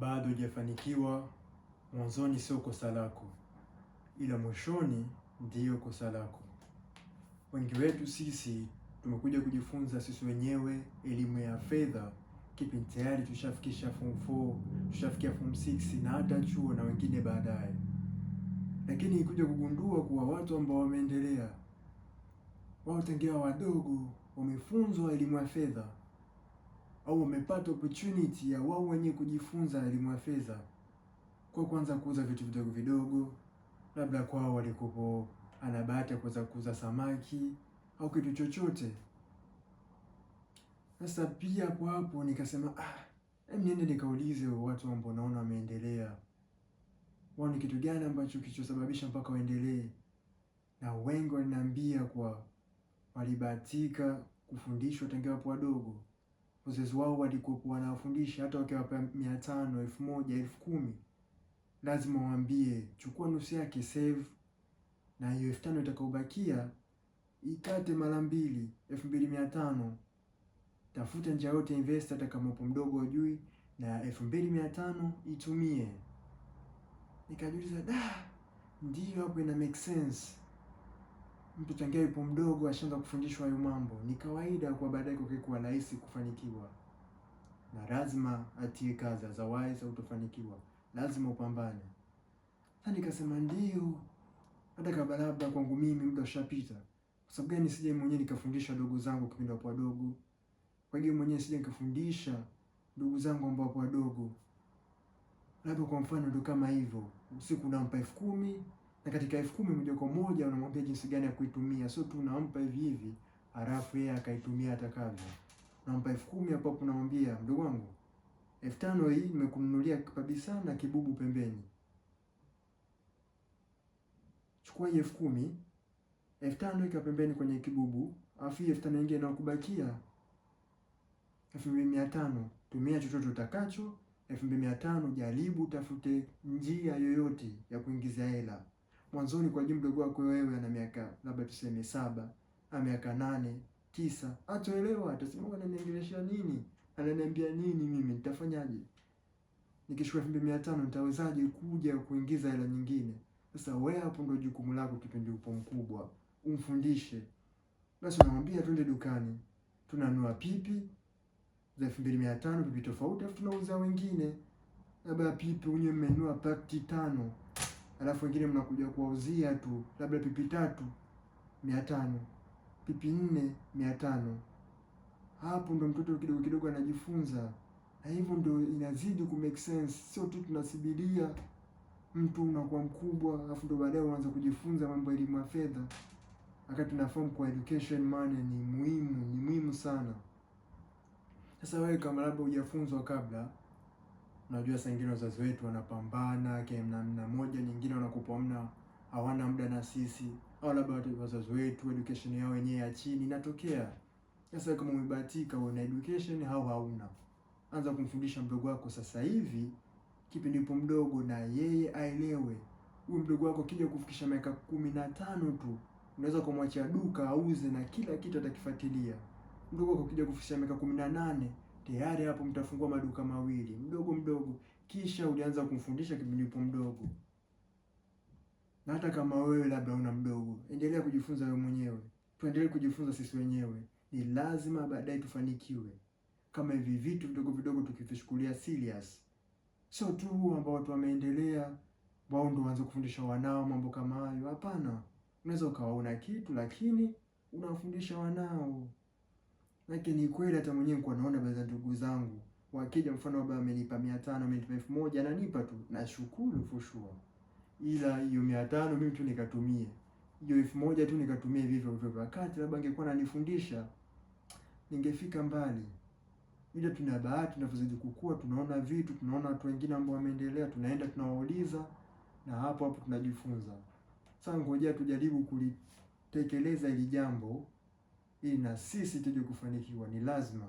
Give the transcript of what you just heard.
bado hujafanikiwa, mwanzoni sio kosa lako, ila mwishoni ndiyo kosa lako. Wengi wetu sisi tumekuja kujifunza sisi wenyewe elimu ya fedha kipindi tayari tushafikisha form 4 tushafikia form 6 na hata chuo na wengine baadaye, lakini kuja kugundua kuwa watu ambao wameendelea wao tangia wadogo wamefunzwa elimu ya fedha au wamepata opportunity ya wao wenyewe kujifunza elimu ya fedha kwa kwanza kuuza vitu vidogo vidogo, labda kwao walikopo ana bahati ya kuweza kuuza samaki au kitu chochote. Sasa pia kwa hapo nikasema ah, niende nikaulize watu ambao naona wameendelea, wao ni kitu gani ambacho kilichosababisha mpaka waendelee, na wengi waliniambia kwa walibahatika kufundishwa tangia wapo wadogo wazazi wao walikuwepo wanawafundisha, hata wakiwapa mia tano, elfu moja, elfu kumi, lazima waambie chukua nusu yake, save na hiyo elfu tano itakaobakia ikate mara mbili, elfu mbili mia tano. Tafuta njia yote invest, hata kama upo mdogo ujui, na elfu mbili mia tano itumie. Nikajiuliza da, ndiyo hapo ina make sense mtu tangia yupo mdogo ashaanza kufundishwa hayo mambo, ni kawaida kwa baadaye kwake kuwa rahisi kufanikiwa, na lazima atie kazi, otherwise hautofanikiwa, lazima upambane. Na nikasema ndio, hata kama labda kwangu mimi muda ushapita. Kwa sababu gani sije mwenyewe nikafundisha ndugu zangu kipindi wapo wadogo? Kwa hiyo mwenyewe sije nikafundisha ndugu zangu ambao wapo wadogo, labda kwa mfano ndo kama hivyo, usiku nampa elfu kumi na katika elfu kumi moja kwa moja unamwambia jinsi gani ya kuitumia, sio tu unampa hivi hivi halafu yeye akaitumia atakavyo. Unampa elfu kumi hapo unamwambia mdogo wangu, elfu tano hii nimekununulia kabisa na kibubu pembeni, chukua hii elfu kumi elfu tano ika pembeni kwenye kibubu, alafu hii elfu tano nyingine inakubakia elfu mbili mia tano tumia chochote utakacho. elfu mbili mia tano jaribu, tafute njia yoyote ya kuingiza hela mwanzoni kwa jumla kwa kwa wewe ana miaka labda tuseme saba ana miaka nane tisa, hataelewa atasema, ananiongelesha nini? Ananiambia nini? Mimi nitafanyaje? Nikishuka elfu mbili mia tano nitawezaje kuja kuingiza hela nyingine? Sasa wewe hapo ndio jukumu lako kipindi upo mkubwa, umfundishe basi. Unamwambia twende dukani, tunanua pipi za elfu mbili mia tano pipi tofauti, afu tunauza wengine, labda pipi wenyewe mmenua pakti tano alafu wengine mnakuja kuwauzia tu labda pipi tatu mia tano pipi nne mia tano Hapo ndo mtoto kidogo kidogo anajifunza, na hivyo ndo inazidi ku make sense. Sio tu tunasibilia mtu unakuwa mkubwa, alafu ndo baadaye uanza kujifunza mambo ya elimu ya fedha, wakati tunafahamu kwa education money ni muhimu, ni muhimu sana. Sasa wewe kama labda hujafunzwa kabla Unajua saa ingine wazazi wetu wanapambana namna moja nyingine, wanakupa hamna, hawana muda na sisi, au labda wazazi wetu education yao wenyewe ya chini inatokea. Sasa kama umebahatika una education au hauna, anza kumfundisha mdogo wako sasa hivi kipindi yupo mdogo, na yeye aelewe. Huyu mdogo wako kija kufikisha miaka kumi na tano tu unaweza kumwachia duka auze na kila kitu atakifuatilia. Mdogo wako kija kufikisha miaka kumi na nane tayari hapo mtafungua maduka mawili mdogo mdogo, kisha ulianza kumfundisha kipindi upo mdogo. Na hata kama wewe labda una mdogo, endelea kujifunza wewe mwenyewe, tuendelee kujifunza sisi wenyewe. Ni lazima baadaye tufanikiwe, kama hivi vitu vidogo vidogo tukivishukulia serious. Sio tu ambao watu wameendelea wao ndio waanze kufundisha wanao mambo kama hayo. Hapana, unaweza ukawa una kitu lakini unawafundisha wanao. Lakini kweli hata mwenyewe kwa naona baadhi ya ndugu zangu wakija, mfano baba amenipa 500 amenipa 1000 ananipa tu, nashukuru for sure, ila hiyo 500 mimi tu nikatumie, hiyo 1000 tu nikatumie vivyo hivyo. Wakati labda angekuwa ananifundisha ningefika mbali, ila tuna bahati, tunavyozidi kukua tunaona vitu, tunaona watu wengine ambao wameendelea, tunaenda tunawauliza, na hapo hapo tunajifunza. Sasa ngoja tujaribu kulitekeleza ili jambo ili na sisi tuje kufanikiwa, ni lazima